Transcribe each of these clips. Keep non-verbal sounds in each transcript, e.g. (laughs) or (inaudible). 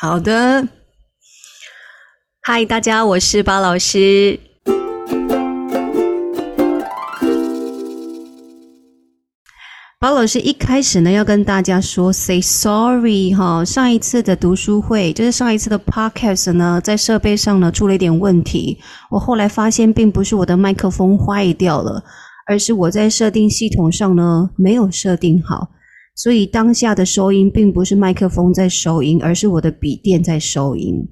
好的，嗨，大家，我是巴老師。巴老師一開始呢，要跟大家說，say sorry 哈。上一次的讀書會，就是上一次的 podcast 呢，在設備上呢出了一點問題。我後來發現，並不是我的麥克風壞掉了，而是我在設定系統上呢沒有設定好。所以當下的收音並不是麥克風在收音，而是我的筆電在收音，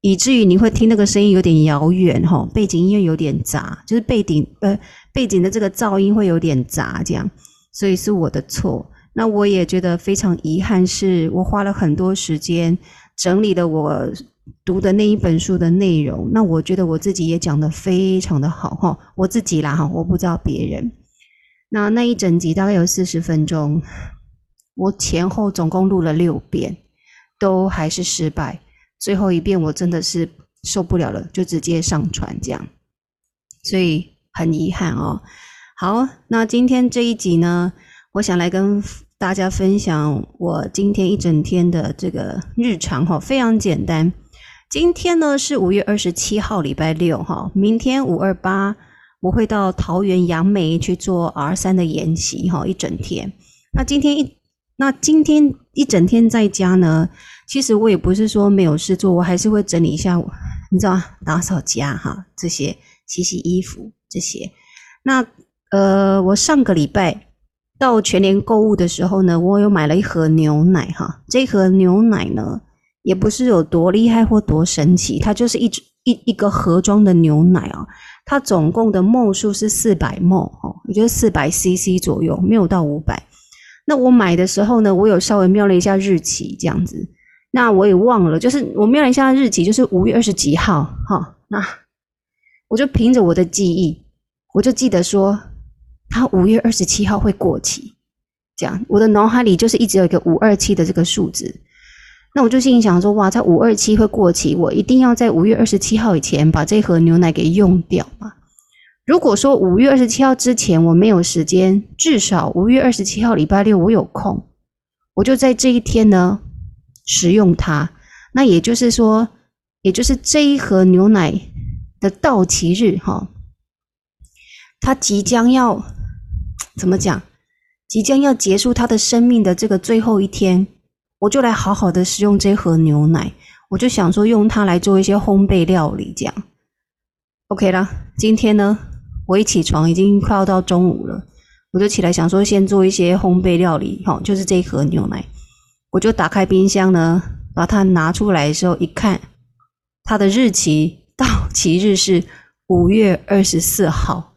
以至於你會聽那個聲音有點遙遠哈，背景音樂有點雜，就是背景呃背景的這個噪音會有點雜這樣，所以是我的錯。那我也覺得非常遺憾，是我花了很多時間整理了我讀的那一本書的內容。那我覺得我自己也講得非常的好哈，我自己啦哈，我不知道別人。那那一整集大概有四十分鐘。我前後總共錄了六遍，都還是失敗。最後一遍我真的是受不了了，就直接上傳這樣。所以很遺憾哦。好，那今天這一集呢，我想來跟大家分享我今天一整天的這個日常哈、哦，非常簡單。今天呢是五月二十七號，禮拜六哈。明天五二八我會到桃園楊梅去做 R 三的研習哈，一整天。那今天一。那今天一整天在家呢，其實我也不是說沒有事做，我還是會整理一下，你知道吧？打掃家哈，這些洗洗衣服這些。那呃，我上個禮拜到全聯購物的時候呢，我有買了一盒牛奶哈。這一盒牛奶呢，也不是有多厲害或多神奇，它就是一一一,一個盒裝的牛奶啊。它總共的 ml 數是四百 ml 哦，也就是四百 CC 左右，沒有到五百。那我買的時候呢，我有稍微瞄了一下日期，這樣子。那我也忘了，就是我瞄了一下日期，就是五月二十幾號，哈、哦。那我就憑着我的記憶，我就記得說，它五月二十七號會過期。這樣，我的腦海裡就是一直有一個五二七的這個數字。那我就心裡想說，哇，在五二七會過期，我一定要在五月二十七號以前把這盒牛奶給用掉嘛。如果說五月二十七號之前我沒有時間，至少五月二十七號禮拜六我有空，我就在這一天呢食用它。那也就是說，也就是這一盒牛奶的到期日，哈，它即將要怎麼講？即將要結束它的生命的這個最後一天，我就來好好的食用這盒牛奶。我就想說，用它來做一些烘焙料理，這樣 OK 啦。今天呢，我一起床已經快要到中午了，我就起來想說先做一些烘焙料理，好，就是這一盒牛奶，我就打開冰箱呢，把它拿出來的時候一看，它的日期到期日是五月二十四號，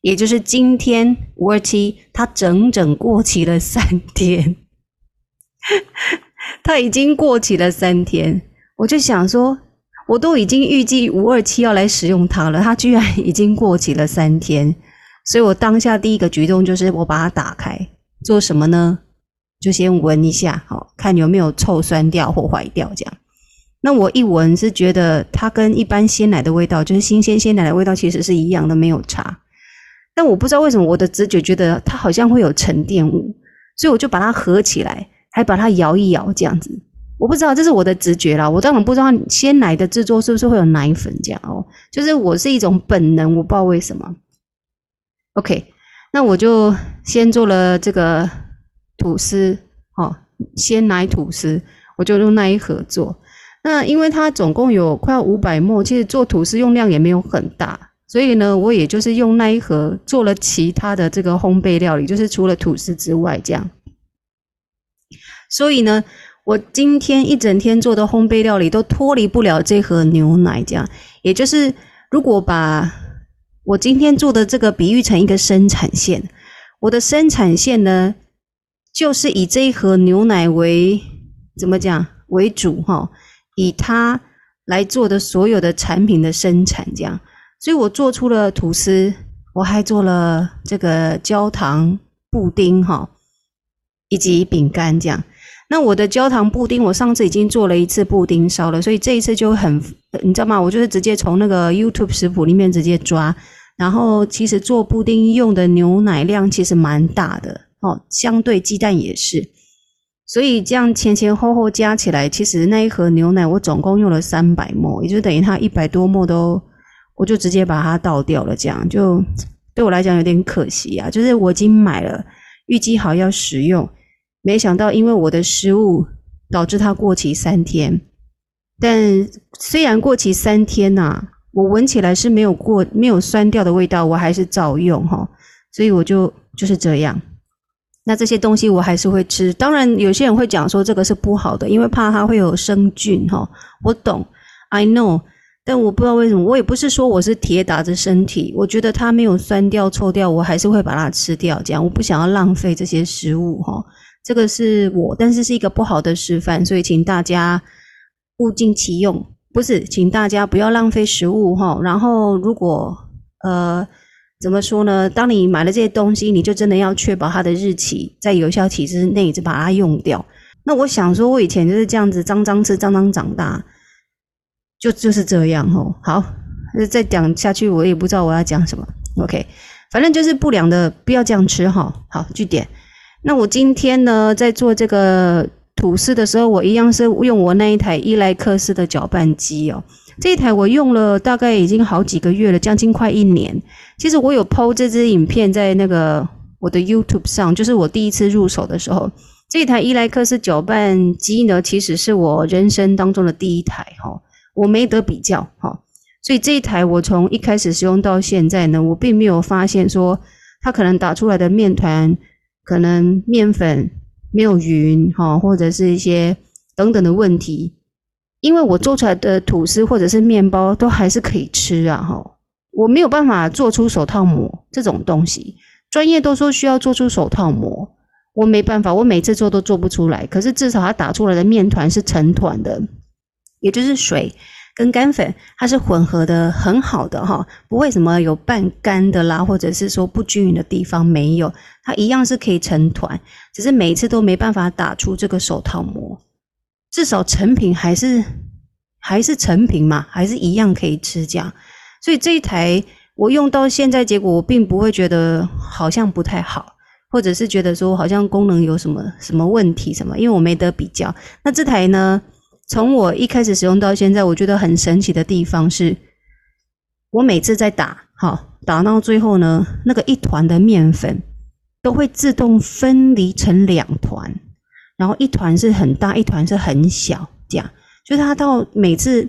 也就是今天五二七，它整整過期了三天， (laughs) 它已經過期了三天，我就想說。我都已經預計五二七要來使用它了，它居然已經過期了三天，所以我當下第一個舉動就是我把它打開，做什麼呢？就先聞一下，好，看有沒有臭酸掉或壞掉這樣。那我一聞是覺得它跟一般鮮奶的味道，就是新鮮鮮奶的味道其實是一樣的，沒有差。但我不知道為什麼我的直覺覺得它好像會有沉澱物，所以我就把它合起來，還把它搖一搖這樣子。我不知道，這是我的直覺啦。我當然不知道鮮奶的製作是不是會有奶粉這樣哦。就是我是一種本能，我不知道為什麼。OK，那我就先做了這個吐司哦，鮮奶吐司，我就用那一盒做。那因為它總共有快要五百毫升，其實做吐司用量也沒有很大，所以呢，我也就是用那一盒做了其他的這個烘焙料理，就是除了吐司之外這樣。所以呢。我今天一整天做的烘焙料理都脫離不了這盒牛奶，這樣。也就是，如果把我今天做的這個比喻成一個生產線，我的生產線呢，就是以這一盒牛奶為怎麼講為主齁，以它來做的所有的產品的生產這樣。所以我做出了吐司，我還做了這個焦糖布丁齁，以及餅乾這樣。那我的焦糖布丁，我上次已經做了一次布丁燒了，所以這一次就很，你知道嗎？我就是直接從那個 YouTube 食譜裡面直接抓，然後其實做布丁用的牛奶量其實蠻大的哦，相對雞蛋也是，所以這樣前前後後加起來，其實那一盒牛奶我總共用了三百 ml，也就等於它一百多 ml 都，我就直接把它倒掉了，這樣就對我來講有點可惜啊，就是我已經買了，預計好要使用。沒想到，因為我的食物導致它過期三天。但雖然過期三天吶、啊，我聞起來是沒有過沒有酸掉的味道，我還是照用哈。所以我就就是這樣。那這些東西我還是會吃。當然，有些人會講說這個是不好的，因為怕它會有生菌哈。我懂，I know。但我不知道為什麼，我也不是說我是鐵打着身體。我覺得它沒有酸掉、臭掉，我還是會把它吃掉。這樣我不想要浪費這些食物哈。這個是我，但是是一個不好的示範，所以請大家物盡其用，不是，請大家不要浪費食物哈。然後，如果呃，怎麼說呢？當你買了這些東西，你就真的要確保它的日期在有效期之內，就把它用掉。那我想說，我以前就是這樣子，髒髒吃，髒髒長大，就就是這樣哈。好，再講下去，我也不知道我要講什麼。OK，反正就是不良的，不要這樣吃哈。好，句點。那我今天呢，在做這個吐司的時候，我一樣是用我那一台伊萊克斯的攪拌機哦。這台我用了大概已經好幾個月了，將近快一年。其實我有 PO 這支影片在那個我的 YouTube 上，就是我第一次入手的時候，這台伊萊克斯攪拌機呢，其實是我人生當中的第一台哈，我沒得比較哈。所以這一台我從一開始使用到現在呢，我並沒有發現說它可能打出來的麵團。可能麵粉沒有勻哈，或者是一些等等的問題，因為我做出來的吐司或者是麵包都還是可以吃啊哈，我沒有辦法做出手套膜這種東西，專業都說需要做出手套膜，我沒辦法，我每次做都做不出來，可是至少它打出來的麵糰是成團的，也就是水。跟乾粉，它是混合的很好的哈，不會什麼有半乾的啦，或者是說不均勻的地方沒有，它一樣是可以成團，只是每次都沒辦法打出這個手套膜，至少成品還是還是成品嘛，還是一樣可以吃這樣。所以這一台我用到現在，結果我並不會覺得好像不太好，或者是覺得說好像功能有什麼什麼問題什麼，因為我沒得比較，那這台呢？從我一開始使用到現在，我覺得很神奇的地方是，我每次在打，好，打到最後呢，那個一團的麵粉都會自動分離成兩團，然後一團是很大，一團是很小，這樣。就是它到每次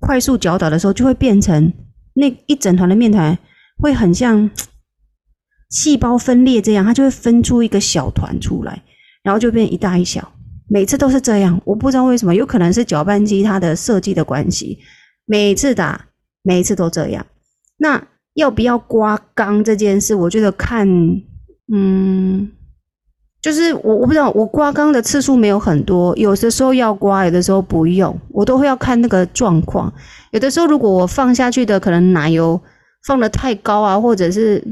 快速攪打的時候，就會變成那一整團的麵團會很像細胞分裂這樣，它就會分出一個小團出來，然後就變一大一小。每次都是這樣，我不知道為什麼，有可能是攪拌機它的設計的關係。每次打，每一次都這樣。那要不要刮缸這件事，我覺得看，嗯，就是我我不知道，我刮缸的次數沒有很多，有的時候要刮，有的時候不用，我都會要看那個狀況。有的時候如果我放下去的可能奶油放得太高啊，或者是，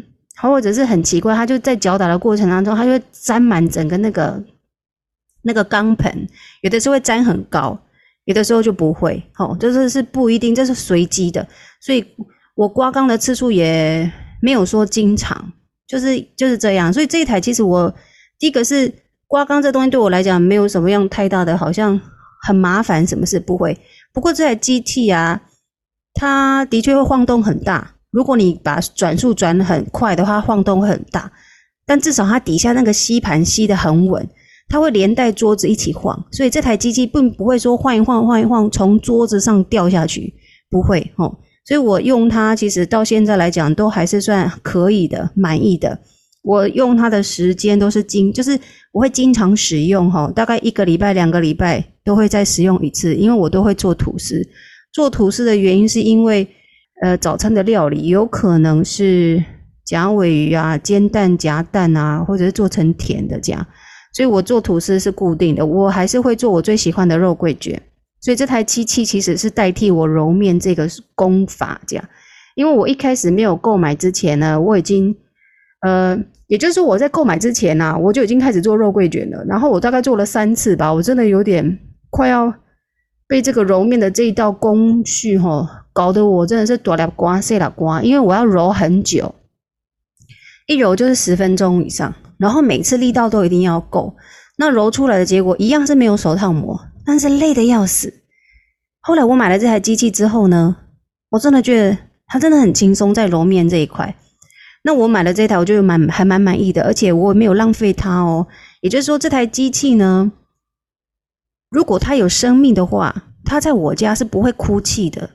或者是很奇怪，它就在攪打的過程當中，它就會沾滿整個那個。那個鋼盆，有的時候會粘很高，有的時候就不會，吼、哦，就是是不一定，這是隨機的。所以我刮缸的次數也沒有說經常，就是就是這樣。所以這一台其實我，第一個是刮缸這東西對我來講沒有什麼樣太大的，好像很麻煩什麼事不會。不過這台機器啊，它的確會晃動很大。如果你把轉速轉的很快的話，晃動會很大。但至少它底下那個吸盤吸得很穩。它會連帶桌子一起晃，所以這台機器並不會說晃一晃晃一晃從桌子上掉下去，不會吼、哦。所以我用它其實到現在來講都還是算可以的，滿意的。我用它的時間都是經，就是我會經常使用哈、哦，大概一個禮拜、兩個禮拜都會再使用一次，因為我都會做吐司。做吐司的原因是因為，呃，早餐的料理有可能是夾鮪魚啊、煎蛋夾蛋啊，或者是做成甜的這樣。所以我做吐司是固定的，我還是會做我最喜歡的肉桂捲。所以這台機器其實是代替我揉麵這個工法，這樣。因為我一開始沒有購買之前呢，我已經，呃，也就是說我在購買之前呢、啊，我就已經開始做肉桂捲了。然後我大概做了三次吧，我真的有點快要被這個揉麵的這一道工序哈、哦，搞得我真的是哆啦瓜，西啦瓜，因為我要揉很久，一揉就是十分鐘以上。然後每次力道都一定要夠，那揉出來的結果一樣是沒有手套膜，但是累得要死。後來我買了這台機器之後呢，我真的覺得它真的很輕鬆在揉麵這一塊。那我買了這台我就蠻還蠻滿意的，而且我也沒有浪費它哦。也就是說這台機器呢，如果它有生命的話，它在我家是不會哭泣的，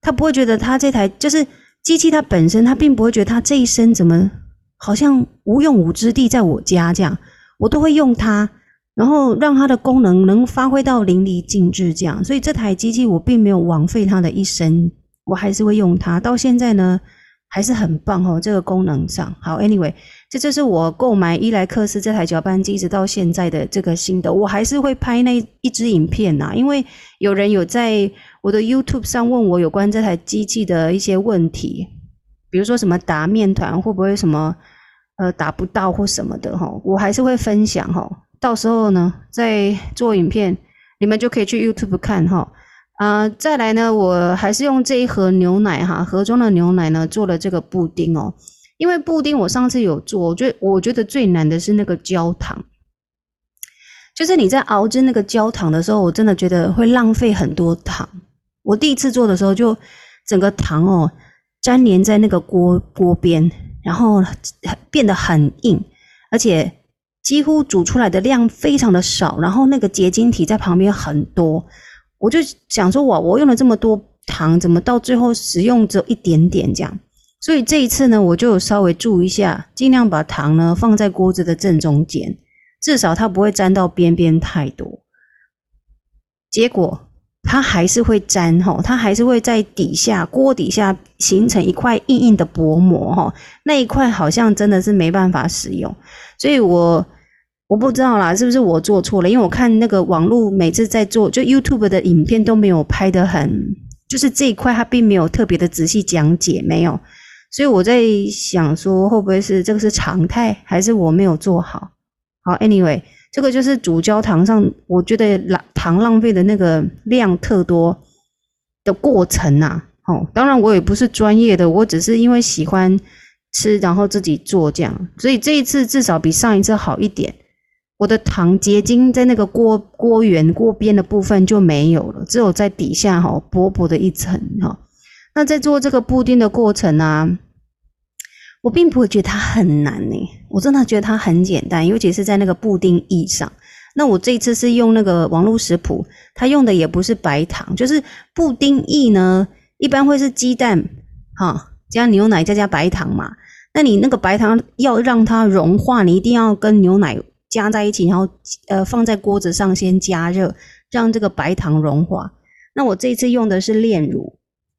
它不會覺得它這台就是機器它本身，它並不會覺得它這一生怎麼。好像無用武之地，在我家這樣，我都會用它，然後讓它的功能能發揮到淋漓盡致，這樣。所以這台機器我並沒有枉費它的一生，我還是會用它。到現在呢，還是很棒哦，這個功能上。好，Anyway，這就是我購買伊萊克斯這台攪拌機一直到現在的這個心得，我還是會拍那一支影片吶、啊，因為有人有在我的 YouTube 上問我有關這台機器的一些問題。比如說什麼打面糰會不會什麼，呃，打不到或什麼的吼、哦，我還是會分享吼、哦，到時候呢，再做影片，你們就可以去 YouTube 看吼、哦、啊、呃，再來呢，我還是用這一盒牛奶哈，盒裝的牛奶呢做了這個布丁哦。因為布丁我上次有做，我覺我覺得最難的是那個焦糖，就是你在熬制那個焦糖的時候，我真的覺得會浪費很多糖。我第一次做的時候就整個糖哦。粘連在那個鍋鍋邊，然後變得很硬，而且幾乎煮出來的量非常的少，然後那個結晶體在旁邊很多。我就想說，哇，我用了這麼多糖，怎麼到最後食用只有一點點這樣？所以這一次呢，我就稍微注意一下，盡量把糖呢放在鍋子的正中間，至少它不會粘到邊邊太多。結果。它還是會粘哈，它還是會在底下鍋底下形成一塊硬硬的薄膜哈，那一塊好像真的是沒辦法使用，所以我，我我不知道啦，是不是我做錯了？因為我看那個網絡每次在做，就 YouTube 的影片都沒有拍得很，就是這一塊它並沒有特別的仔細講解，沒有，所以我在想說，會不會是這個是常態，還是我沒有做好？好，Anyway。這個就是煮焦糖上，我覺得糖浪費的那個量特多的過程呐、啊。好、哦，當然我也不是專業的，我只是因為喜歡吃，然後自己做這樣。所以這一次至少比上一次好一點。我的糖結晶在那個鍋鍋緣鍋邊的部分就沒有了，只有在底下哈、哦、薄薄的一層哈、哦。那在做這個布丁的過程呢、啊，我並不會覺得它很難呢、欸。我真的覺得它很簡單，尤其是在那個布丁液上。那我這次是用那個網絡食譜，它用的也不是白糖，就是布丁液呢，一般會是雞蛋，哈、啊，加牛奶再加白糖嘛。那你那個白糖要讓它融化，你一定要跟牛奶加在一起，然後呃放在鍋子上先加熱，讓這個白糖融化。那我這次用的是煉乳，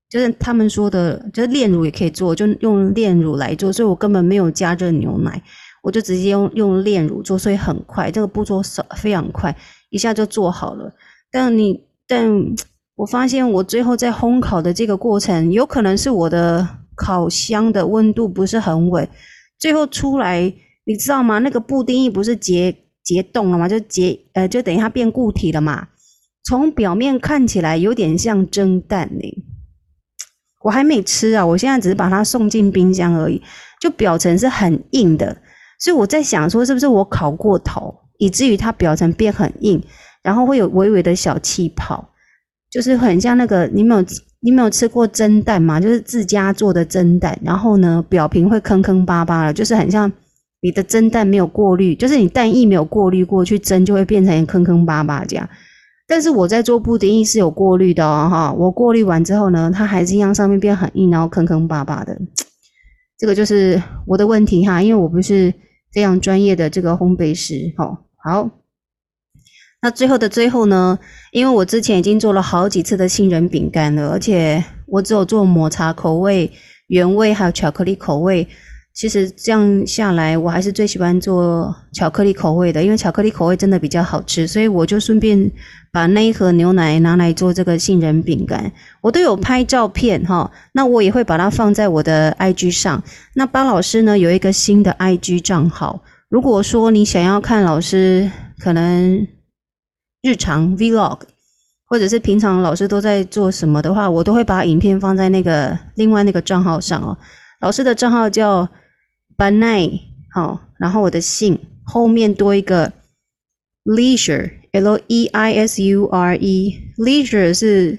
就是他們說的，就是煉乳也可以做，就用煉乳來做，所以我根本沒有加熱牛奶。我就直接用用煉乳做，所以很快，這個步驟少，非常快，一下就做好了。但你，但我發現我最後在烘烤的這個過程，有可能是我的烤箱的溫度不是很穩，最後出來，你知道嗎？那個布丁液不是結結凍了嗎？就結，呃，就等於它變固體了嘛。從表面看起來有點像蒸蛋嘞、欸。我還沒吃啊，我現在只是把它送進冰箱而已，就表層是很硬的。所以我在想說，是不是我烤過頭，以至於它表層變很硬，然後會有微微的小氣泡，就是很像那個你沒有你沒有吃過蒸蛋嗎？就是自家做的蒸蛋，然後呢表皮會坑坑巴巴的，就是很像你的蒸蛋沒有過濾，就是你蛋液沒有過濾過去蒸就會變成坑坑巴巴的這樣。但是我在做布丁液是有過濾的哦，哈，我過濾完之後呢，它還是一樣上面變很硬，然後坑坑巴巴的，這個就是我的問題哈，因為我不是。這樣專業的這個烘焙師，好好。那最後的最後呢，因為我之前已經做了好幾次的杏仁餅乾了，而且我只有做抹茶口味、原味還有巧克力口味。其實這樣下來，我還是最喜歡做巧克力口味的，因為巧克力口味真的比較好吃，所以我就順便把那一盒牛奶拿來做這個杏仁餅乾。我都有拍照片哈，那我也會把它放在我的 IG 上。那巴老師呢有一個新的 IG 賬號，如果說你想要看老師可能日常 Vlog，或者是平常老師都在做什麼的話，我都會把影片放在那個另外那個賬號上哦。老師的賬號叫。巴奈，好，然後我的姓後面多一個 leisure l e i s u r e leisure 是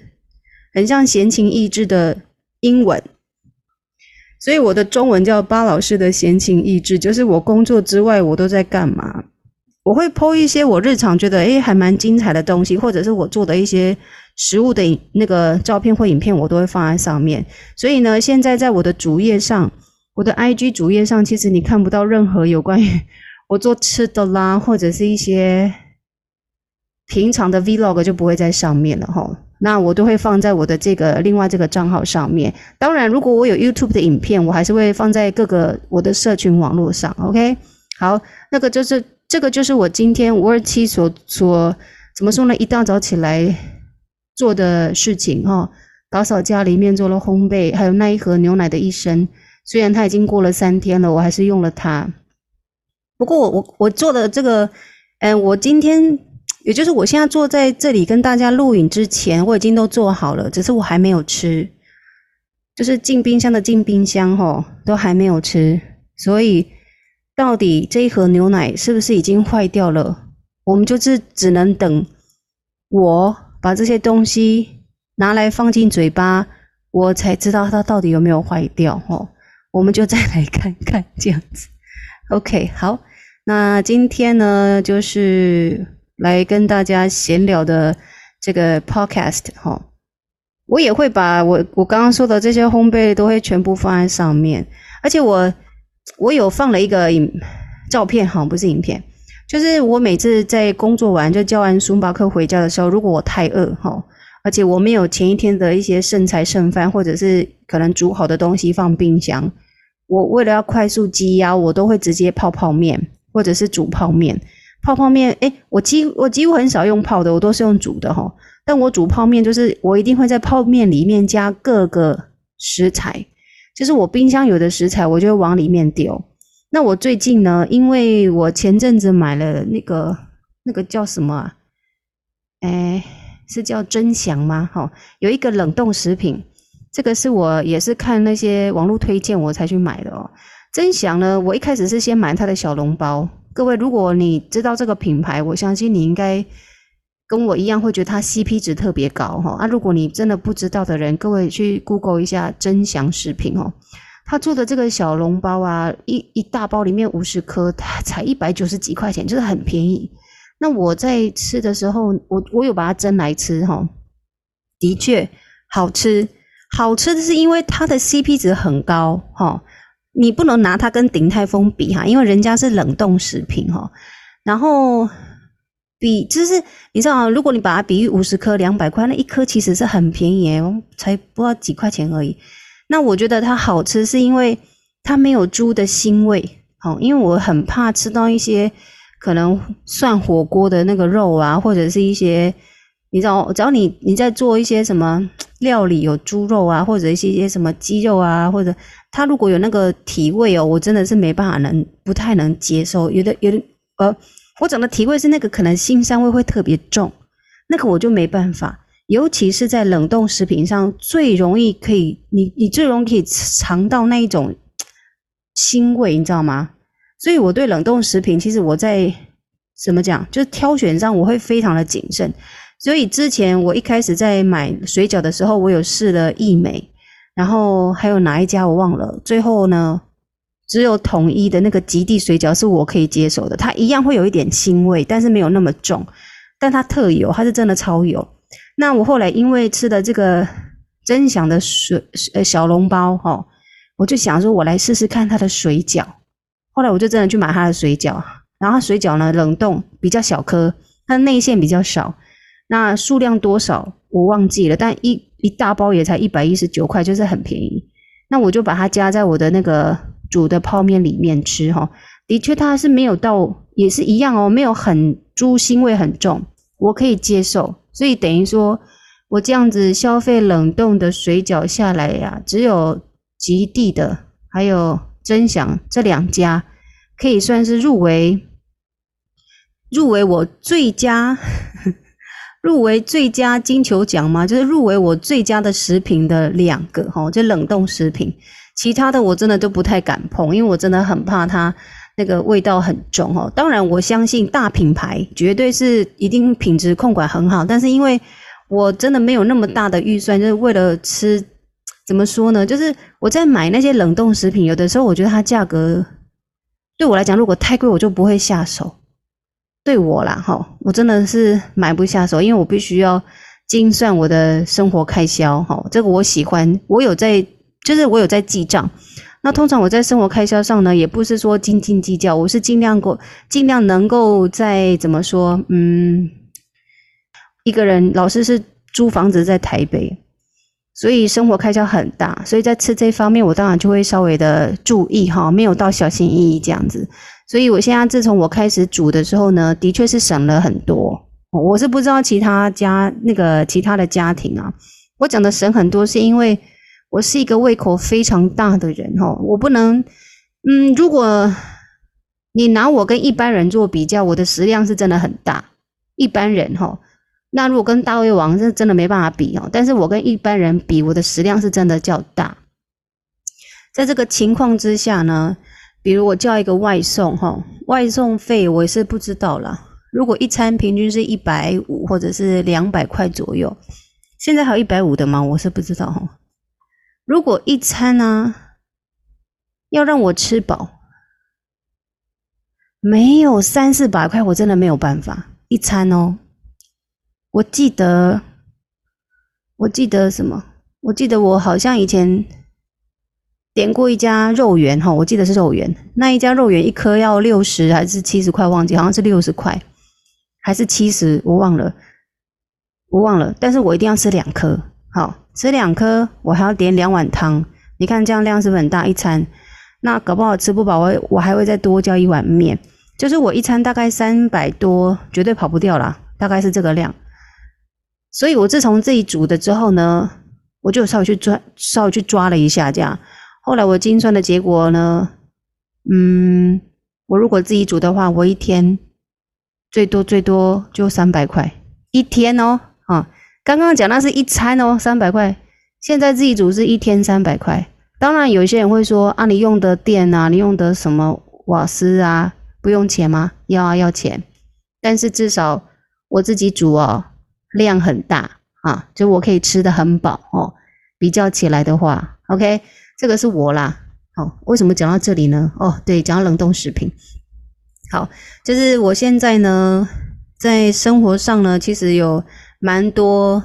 很像閒情逸致的英文，所以我的中文叫巴老師的閒情逸致，就是我工作之外我都在幹嘛。我會 po 一些我日常覺得誒、哎、還蠻精彩的東西，或者是我做的一些食物的影，那個照片或影片，我都會放在上面。所以呢，現在在我的主頁上，我的 IG 主頁上，其實你看不到任何有關於我做吃的啦，或者是一些平常的 Vlog 就不會在上面了哈。那我都會放在我的這個另外這個賬號上面。當然，如果我有 YouTube 的影片，我還是會放在各個我的社群網絡上。OK，好，那個就是這個就是我今天五二七所所怎麼說呢？一大早起來做的事情哈，打掃家裡面，做了烘焙，還有那一盒牛奶的一生。雖然它已經過了三天了，我還是用了它。不過我我，我做的這個，嗯，我今天也就是我現在坐在這裡跟大家錄影之前，我已經都做好了，只是我還沒有吃，就是進冰箱的進冰箱齁，都還沒有吃。所以到底這一盒牛奶是不是已經壞掉了？我們就是只能等我把這些東西拿來放進嘴巴，我才知道它到底有沒有壞掉哦。我們就再來看看這樣子，OK，好。那今天呢，就是來跟大家閒聊的這個 Podcast 哈、哦，我也會把我我剛剛說的這些烘焙都會全部放在上面，而且我我有放了一個影照片哈、哦，不是影片，就是我每次在工作完就叫完星巴克回家的時候，如果我太餓哈、哦，而且我沒有前一天的一些剩菜剩飯或者是。可能煮好的東西放冰箱。我為了要快速積壓，我都會直接泡泡麵，或者是煮泡麵。泡泡麵，誒，我幾乎我幾乎很少用泡的，我都是用煮的哈。但我煮泡麵就是，我一定會在泡麵裡面加各個食材，就是我冰箱有的食材，我就會往裡面丟。那我最近呢，因為我前陣子買了那個那個叫什麼啊？哎，是叫珍祥嗎？哈，有一個冷凍食品。這個是我也是看那些網絡推薦我才去買的哦。珍祥呢，我一開始是先買它的小籠包。各位，如果你知道這個品牌，我相信你應該跟我一樣會覺得它 CP 值特別高哈、哦。啊，如果你真的不知道的人，各位去 Google 一下珍祥食品哦。他做的這個小籠包啊，一一大包裡面五十顆，它才一百九十幾塊錢，就是很便宜。那我在吃的時候，我我有把它蒸來吃哈、哦，的確好吃。好吃的是因為它的 CP 值很高，哈，你不能拿它跟鼎泰豐比哈，因為人家是冷凍食品哈，然後比就是你知道，如果你把它比喻，五十顆兩百塊，那一顆其實是很便宜，才不知道幾塊錢而已。那我覺得它好吃是因為它沒有豬的腥味，哈，因為我很怕吃到一些可能涮火鍋的那個肉啊，或者是一些。你知道，只要你你在做一些什麼料理，有豬肉啊，或者一些些什麼雞肉啊，或者它如果有那個體味哦，我真的是沒辦法能不太能接受。有的，有的，呃，我講的體味是那個可能腥膻味會特別重，那個我就沒辦法。尤其是在冷凍食品上，最容易可以，你你最容易可以嘗到那一種腥味，你知道嗎？所以我對冷凍食品，其實我在怎麼講，就是挑選上我會非常的謹慎。所以之前我一開始在買水餃的時候，我有試了義美，然後還有哪一家我忘了。最後呢，只有統一的那個極地水餃是我可以接受的。它一樣會有一點腥味，但是沒有那麼重，但它特油，它是真的超油。那我後來因為吃的這個禎祥的水，呃，小籠包齁，我就想說我來試試看它的水餃。後來我就真的去買它的水餃，然後水餃呢，冷凍比較小顆，它的內餡比較少。那數量多少我忘記了，但一一大包也才一百一十九塊，就是很便宜。那我就把它加在我的那個煮的泡麵裡面吃齁。的確，它是沒有到，也是一樣哦，沒有很豬腥味很重，我可以接受。所以等於說我這樣子消費冷凍的水餃下來呀，啊，只有極地的還有禎祥這兩家，可以算是入圍，入圍我最佳。 (laughs) 入圍最佳金球獎嗎？就是入圍我最佳的食品的兩個齁，就冷凍食品，其他的我真的都不太敢碰，因為我真的很怕它那個味道很重哦，當然我相信大品牌絕對是一定品質控管很好，但是因為我真的沒有那麼大的預算，就是為了吃，怎麼說呢？就是我在買那些冷凍食品，有的時候我覺得它價格對我來講如果太貴，我就不會下手。對我啦，哈，我真的是買不下手，因為我必須要精算我的生活開銷，哈，這個我喜歡，我有在，就是我有在記賬。那通常我在生活開銷上呢，也不是說斤斤計較，我是盡量夠，盡量能夠在怎麼說，嗯，一個人，老師是，是租房子在台北，所以生活開銷很大，所以在吃這方面，我當然就會稍微的注意，哈，沒有到小心翼翼這樣子。所以，我現在自從我開始煮的時候呢，的確是省了很多。我是不知道其他家那個其他的家庭啊。我講的省很多，是因為我是一個胃口非常大的人哈。我不能，嗯，如果你拿我跟一般人做比較，我的食量是真的很大。一般人哈，那如果跟大胃王是真的沒辦法比哦。但是我跟一般人比，我的食量是真的較大。在這個情況之下呢，比如我叫一個外送，哈，外送費我也是不知道啦，如果一餐平均是一百五或者是兩百塊左右，現在還有一百五的嗎？我是不知道哈。如果一餐呢、啊，要讓我吃飽，沒有三四百塊我真的沒有辦法一餐哦。我記得，我記得什麼？我記得我好像以前，點過一家肉圓哈，我記得是肉圓。那一家肉圓一顆要六十還是七十塊，忘記好像是六十塊還是七十，我忘了，我忘了。但是我一定要吃兩顆，好，吃兩顆，我還要點兩碗湯。你看這樣量是不是很大一餐？那搞不好吃不飽，我我還會再多叫一碗麵。就是我一餐大概三百多，絕對跑不掉啦，大概是這個量。所以我自從自己煮的之後呢，我就稍微去抓，稍微去抓了一下，這樣。後來我精算的結果呢，嗯，我如果自己煮的話，我一天最多最多就三百塊一天哦，啊，剛剛講那是一餐哦，三百塊。現在自己煮是一天三百塊。當然，有一些人會說，啊，你用的電啊，你用的什麼瓦斯啊，不用錢嗎？要啊要錢。但是至少我自己煮哦、啊，量很大啊，就我可以吃得很飽哦。比較起來的話，OK。這個是我啦，好，為什麼講到這裡呢？哦，對，講到冷凍食品，好，就是我現在呢，在生活上呢，其實有蠻多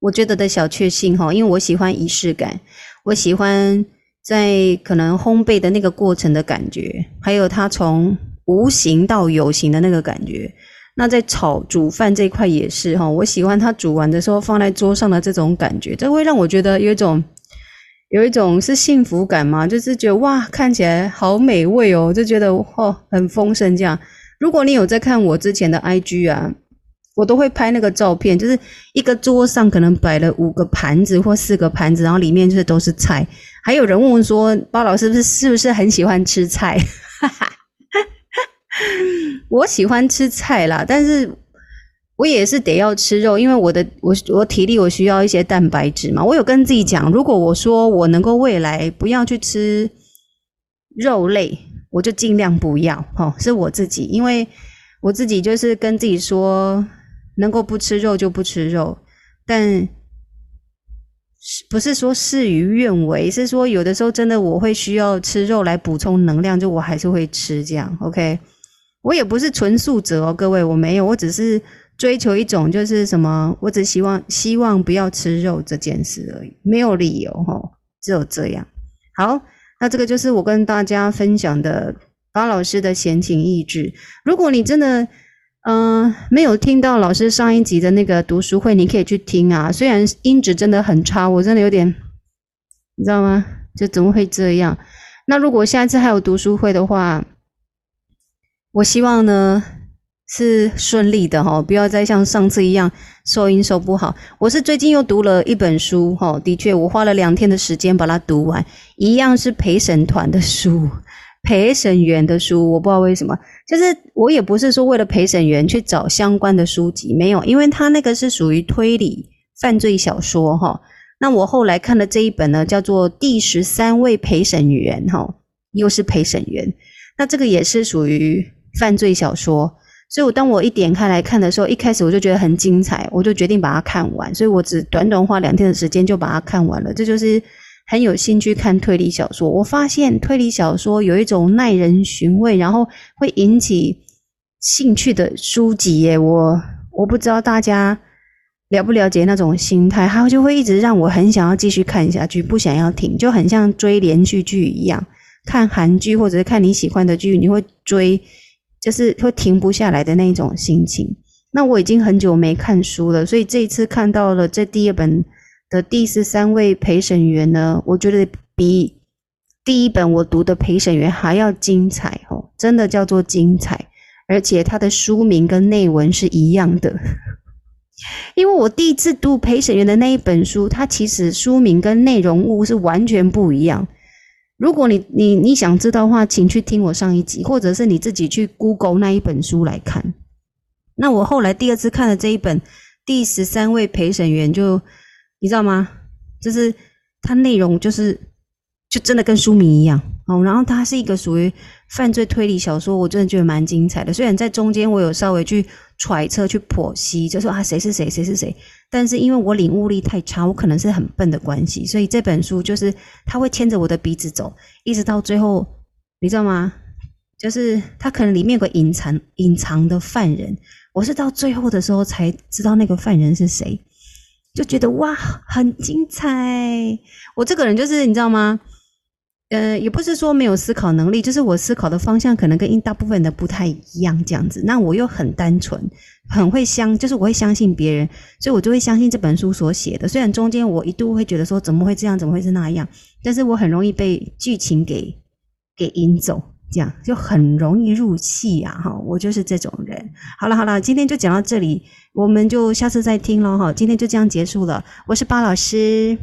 我覺得的小確幸哈，因為我喜歡儀式感，我喜歡在可能烘焙的那個過程的感覺，還有它從無形到有形的那個感覺。那在炒煮飯這一塊也是哈，我喜歡它煮完的時候放在桌上的這種感覺，這會讓我覺得有一種。有一種是幸福感嘛，就是覺得哇，看起來好美味哦，就覺得嚯、哦，很豐盛這樣。如果你有在看我之前的 IG 啊，我都會拍那個照片，就是一個桌上可能擺了五個盤子或四個盤子，然後裡面就是都是菜。還有人問說，巴老師是不是是不是很喜歡吃菜？哈哈，我喜歡吃菜啦，但是。我也是得要吃肉，因為我的我我體力我需要一些蛋白質嘛。我有跟自己講，如果我說我能夠未來不要去吃肉類，我就盡量不要哦。是我自己，因為我自己就是跟自己說，能夠不吃肉就不吃肉，但是不是說事與願違？是說有的時候真的我會需要吃肉來補充能量，就我還是會吃這樣。OK，我也不是純素者哦，各位，我沒有，我只是。追求一種就是什麼，我只希望希望不要吃肉這件事而已，沒有理由齁，只有這樣。好，那這個就是我跟大家分享的巴老師的閒情逸致。如果你真的嗯、呃、沒有聽到老師上一集的那個讀書會，你可以去聽啊，雖然音質真的很差，我真的有點，你知道嗎？就怎麼會這樣？那如果下一次還有讀書會的話，我希望呢，是順利的哈，不要再像上次一樣收音收不好。我是最近又讀了一本書哈，的確我花了兩天的時間把它讀完，一樣是陪審團的書，陪審員的書。我不知道為什麼，就是我也不是說為了陪審員去找相關的書籍，沒有，因為他那個是屬於推理犯罪小說哈。那我後來看的這一本呢，叫做《第十三位陪審員》哈，又是陪審員，那這個也是屬於犯罪小說。所以，我當我一點開來看的時候，一開始我就覺得很精彩，我就決定把它看完。所以我只短短花兩天的時間就把它看完了。這就是很有興趣看推理小說。我發現推理小說有一種耐人尋味，然後會引起興趣的書籍誒。我我不知道大家了不了解那種心態，它就會一直讓我很想要繼續看下去，不想要停，就很像追連續劇一樣，看韓劇或者是看你喜歡的劇，你會追。就是會停不下來的那一種心情。那我已經很久沒看書了，所以這一次看到了這第二本的第十三位陪審員呢，我覺得比第一本我讀的陪審員還要精彩哦，真的叫做精彩。而且他的書名跟內文是一樣的，因為我第一次讀陪審員的那一本書，它其實書名跟內容物是完全不一樣。如果你你你想知道的話，請去聽我上一集，或者是你自己去 Google 那一本書來看。那我後來第二次看了這一本《第十三位陪審員》就，你知道嗎？就是它內容就是就真的跟書名一樣哦。然後它是一個屬於犯罪推理小說，我真的覺得蠻精彩的。雖然在中間我有稍微去，揣測去剖析，就說啊，誰是誰，誰是誰，但是因為我領悟力太差，我可能是很笨的關係，所以這本書就是他會牽着我的鼻子走，一直到最後，你知道嗎？就是他可能裡面有個隱藏隱藏的犯人，我是到最後的時候才知道那個犯人是誰，就覺得哇，很精彩。我這個人就是你知道嗎？呃，也不是說沒有思考能力，就是我思考的方向可能跟大部分的不太一樣這樣子。那我又很單純，很會相，就是我會相信別人，所以我就會相信這本書所寫的。雖然中間我一度會覺得說怎麼會這樣，怎麼會是那樣，但是我很容易被劇情給給引走，這樣就很容易入戲啊！哈，我就是這種人。好了好了，今天就講到這裡，我們就下次再聽咯。哈。今天就這樣結束了，我是巴老師。